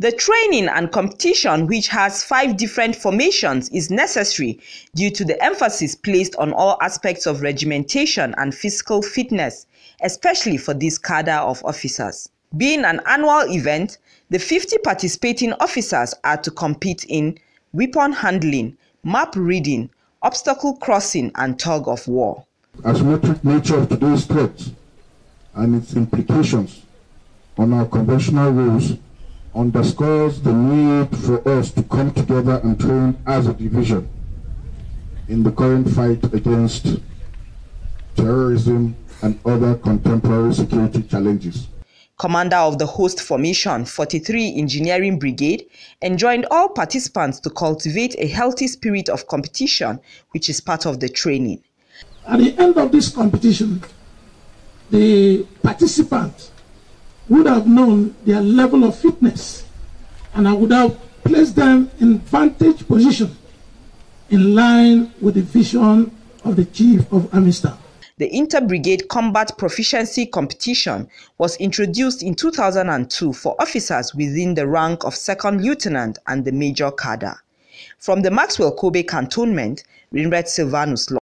The training and competition which has five different formations is necessary due to the emphasis placed on all aspects of regimentation and physical fitness, especially for this cadre of officers. Being an annual event, the 50 participating officers are to compete in weapon handling, map reading, obstacle crossing and tug of war. As we treat nature of today's threat and its implications on our conventional rules underscores the need for us to come together and train as a division in the current fight against terrorism and other contemporary security challenges. Commander of the host formation 43 Engineering Brigade enjoined all participants to cultivate a healthy spirit of competition, which is part of the training. At the end of this competition, the participants would have known their level of fitness and I would have placed them in vantage position in line with the vision of the Chief of Army Staff. The Inter-Brigade Combat Proficiency Competition was introduced in 2002 for officers within the rank of Second Lieutenant and the Major Cadre. From the Maxwell Kobe Cantonment, Rinret Silvanus